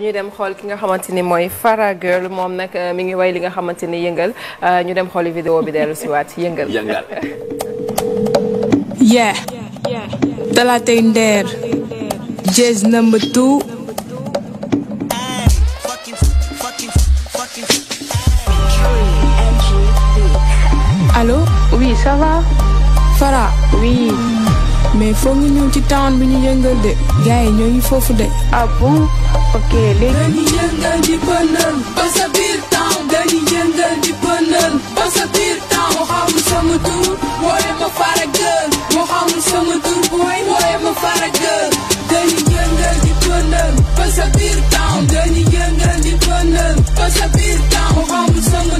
ñu dem xool ki nga xamante ni mooy Fara Girl moom nag eh, mi ngi way li nga xamante ni yëngal eh, ñu dem xooli vidéo bi dellu si waat yëngal. yëngal. Nder. Jazz number two. allô. oui ça va. Fara. mais ci town bi ñu yëngal de gars yi foofu de. ah bon ba sa biir town dañuy yëngal di pëndal ba sa biir town sama tur wooye ma fara gël moo xamul sama tur booy wooye ma fara di pëndal ba biir town dañuy yëngal di pëndal ba biir town moo sama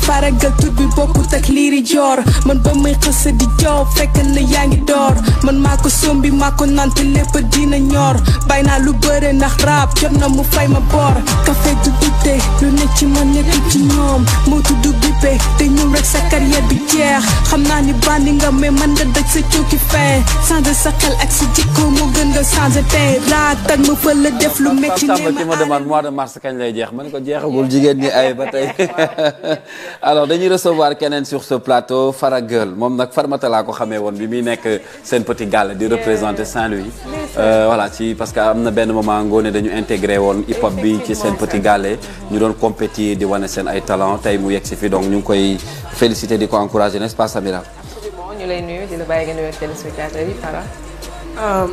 a tur bi bokkut ak liiri joor man ba may xësa di joow fekk na yaa ngi door man maa ko sombi maa ko nant lépp dina ñoor bay naa lu bëre ndax raab jot na mu fay ma boor kafe du dute lu ne ci man nekk ci ñoom moo tudd bippe te ñoom rek sa carrière bi jeex xam naa ni bandi nga mais man nga daj sa cooki fin changer sa xel ak sa jikko moo gën nga changer tey raatak ma fa la def lu metti ne ma demande mois de kañ lay jeex man ko jeex jeexagul jigéen ñi ay ba alors dañuy recevoir keneen sur ce plateau Fara moom nag Farmata laa ko xamee woon bi muy nekk seen petit gàll di représenter Saint-Louis. Euh, voilà ci parce que am na benn moment ngoone dañu intégré woon hip hop bi ci seen petit gale ñu doon compétir di wane seen ay talan tey mu yegg si fi donc ñu ngi koy féliciter di ko encourager n'est-ce pas Samira. absolument ñu lay nuyu di la euh,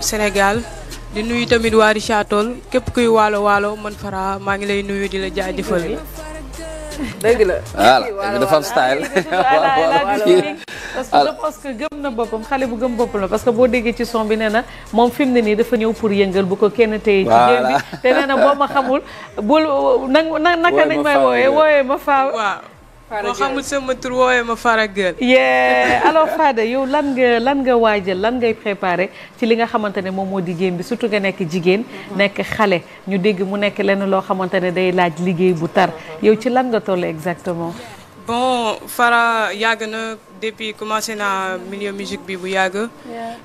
Sénégal. di nuyu tamit waa Richard képp kuy waalo waalo man Fara maa ngi lay nuyu di la jaajëfal. dëgg la voilà dafa am style. parce que gëm na boppam xale bu gëm boppam la parce que boo déggee ci son bi nee na moom fi mu ne nii dafa ñëw pour yëngal bu ko kenn téye. ci géew te nee boo ma xamul bul na naka nañ may wooyee wooyee ma faaw. boo xamul sama tur woowee ma faragël yeah alors Fada yow lan nga lan nga waajal lan ngay préparé ci li nga xamante ne moom moo di jéem bi surtout nga nekk jigéen mhm. nekk xale ñu dégg mu nekk lenn loo xamante ne day laaj liggéey bu tar mhm. yow ci lan nga toll exactement bon Fara yàgg na depuis commencé na milieu musique bi bu yàgg.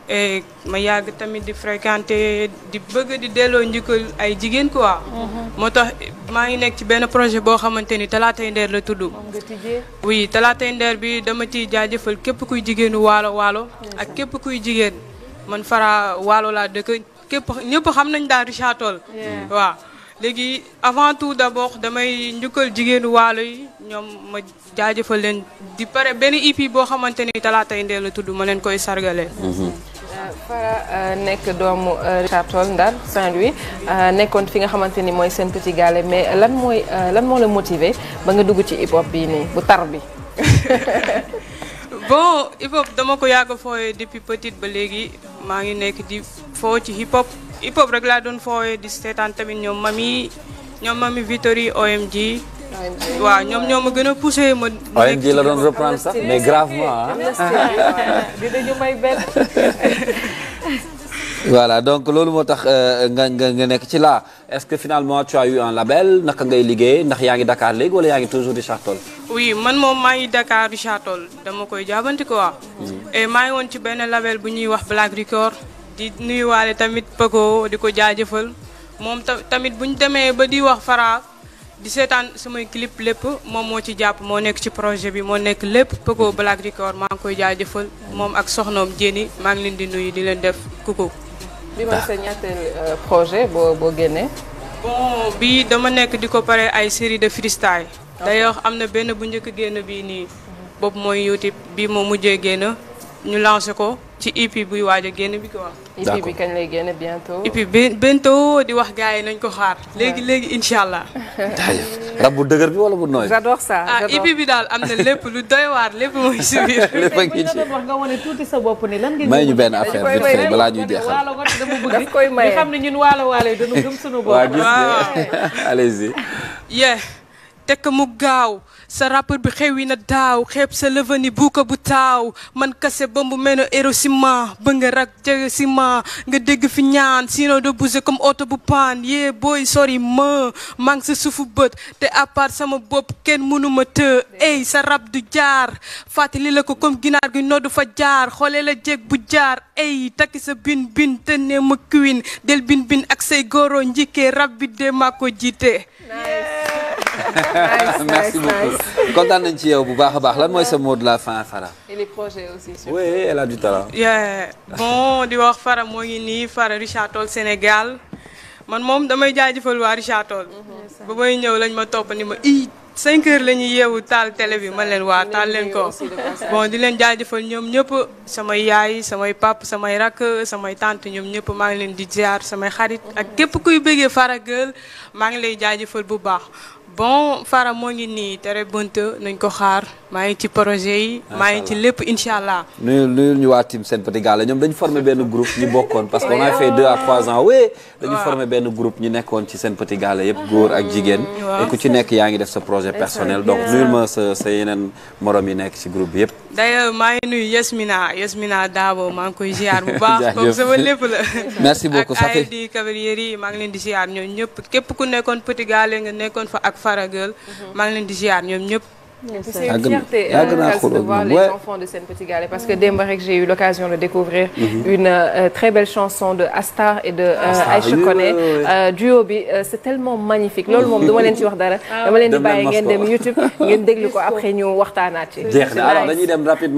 et ma yàgg tamit di fréquenter di bëgg di delloo njukkal ay jigéen quoi. Mm-hmm. moo tax maa ngi nekk ci benn projet boo xamante ni Talaatay la tudd. oui Talaatay Ndeer bi dama ciy jaajëfal képp kuy jigéenu waalo waalo. ak képp kuy jigéen man Fara waalo laa dëkk képp ñëpp xam nañ daal Richard Toll. waaw. léegi avant tout d'abord damay njukkal jigéenu waalo yi ñoom ma jaajëfal leen di pare benn EP boo xamante ni talaatay ndeel la tudd ma leen koy sargale mhm. Fara euh, nekk doomu euh, Richard Toll Ndar Saint-Louis euh, nekkoon fi nga xamante ni mooy seen petit gallé mais lan mooy lan moo la motiver ba nga dugg ci hip hop bii nii bu tar bi. bon hip hop dama ko yàgg fooyee depuis petite ba léegi maa ngi nekk di foo ci hip hop. hip hop rek laa doon fooyee di seetaan tamit ñoom mami ñoom mami Victory OMG. waaw ñoom ñoo ma gën a poussé ma. OMG la doon reprendre sax mais gravement ah. dinañu may benn. voilà donc loolu moo tax euh, nga nga nga nekk ci la est-ce que finalement tu as eu un label naka ngay liggéey ndax yaa ngi Dakar léegi wala yaa ngi toujours Richard Toll. oui man moom maa Dakar Richard Toll dama koy jaabante quoi. Mm. et maa ngi ci benn label bu ñuy wax Black Record. di nuyuwaale tamit Paco di ko jaajëfal moom tamit buñ demee ba di wax Fara di seetaan samay clip lépp moom moo ci jàpp moo nekk ci projet bi moo nekk lépp Paco Black Record maa ngi koy jëfal moom ak soxnoom Jéeni maa ngi leen di nuyu di leen def kuku. bi ma sa ñaateel euh, projet boo boo génnee. bon dama nekk di ko pare ay série de freestyle. wax am na benn bu njëkk génn bii nii. boobu mooy YouTube bii moo mujjee génn ñu lancé ko. ci EP buy waaj a génn bi ko wax. EP bi kañ lay génn bientôt. EP bi bientôt di wax gars yi nañ ko xaar. léegi léegi incha allah. rab bu dëgër bi walla bu nooy. j'adore ça ah e bi daal am na lépp lu doy waar lépp mooy si biir. lépp a ngi ci wax nga wane tuuti sa bopp ne lan nga. may ñu benn affaire vite fait balaa ñuy jeexal. daf ñu xam ne ñun waalo waalo yi dañu gëm suñu bopp. waaw gis nga allez tekk mu gaaw sa rappeur bi xewi na daaw xeeb sa leveni buuka bu taaw man kase ba mu mel ne érosiment ba nga rak jege ciment nga dégg fi ñaan sinon de bouger comme oto bu paan yee booy sori ma maa sa suufu bët te à part sama bopp kenn mënuma të ey sa rab du jaar fàttali la ko comme ginaar gi noddu fa jaar xoolee la jeeg bu jaar ey takki sa bin bin te ne ma kiwin del bin bin ak say goro njikee rab bi de maa ko jiite nice, merci nice, beaucoup kontaan nañ ci yow bu baax a baax lan mooy sa mot de la fin Fara. et les a du talent. bon di wax Fara moo ngi nii Fara Richard Toll Sénégal man moom damay jaajëfal waa Richard Toll. Mhm. ba may ñëw lañ ma topp ni ma i 5 lañuy la taal télé bi man leen waa taal leen ko bon di leen jaajëfal ñoom ñëpp samay yaay samay pap samay rakk samay tante ñoom ñëpp maa ngi leen di ziar samay xarit ak képp kuy bëggee Fara Gueule maa ngi lay jaajëfal bu baax. bon Fara moo ngi nii tere bënt nañ ko xaar maa ngi ci projet yi. maa ngi ci lépp incha allah. nuyu nuyu ñu waa team Sen Petit ñoom dañu formé benn groupe ñu bokkoon parce que on a fait deux à trois ans oui. dañu formé benn group ñu nekkoon ci Sen Petit Gallé yëpp góor ak jigéen. waaw ku ci nekk yaa ngi def sa projet personnel. donc nuyul ma sa sa yeneen morom yi nekk ci groupe bi yëpp. d'ailleurs maa ngi nuyu Yasmina Yasmina daabo maa ngi koy ziar bu baax. comme sama lépp la. merci beaucoup ça fait ak ay cavaliers maa ngi leen di ziar ñoom ñëpp képp ku nekkoon Petit Gallé nga nekkoon fa ak Faraguel. Mhm. maa ngi leen di ziar ñoom ñëpp. c'est mhm. une fierté de voir les enfants de Sen Petit parce que démb j'ai eu l'occasion de découvrir une très belle chanson de Astar et de euh, Aïcha Koné euh, duo bi euh, c'est tellement magnifique loolu moom duma leen ci wax dara ah dama leen di bàyyi ngeen dem YouTube ngeen déglu ko après ñu waxtaanaat ci jeex na alors dañuy dem rapidement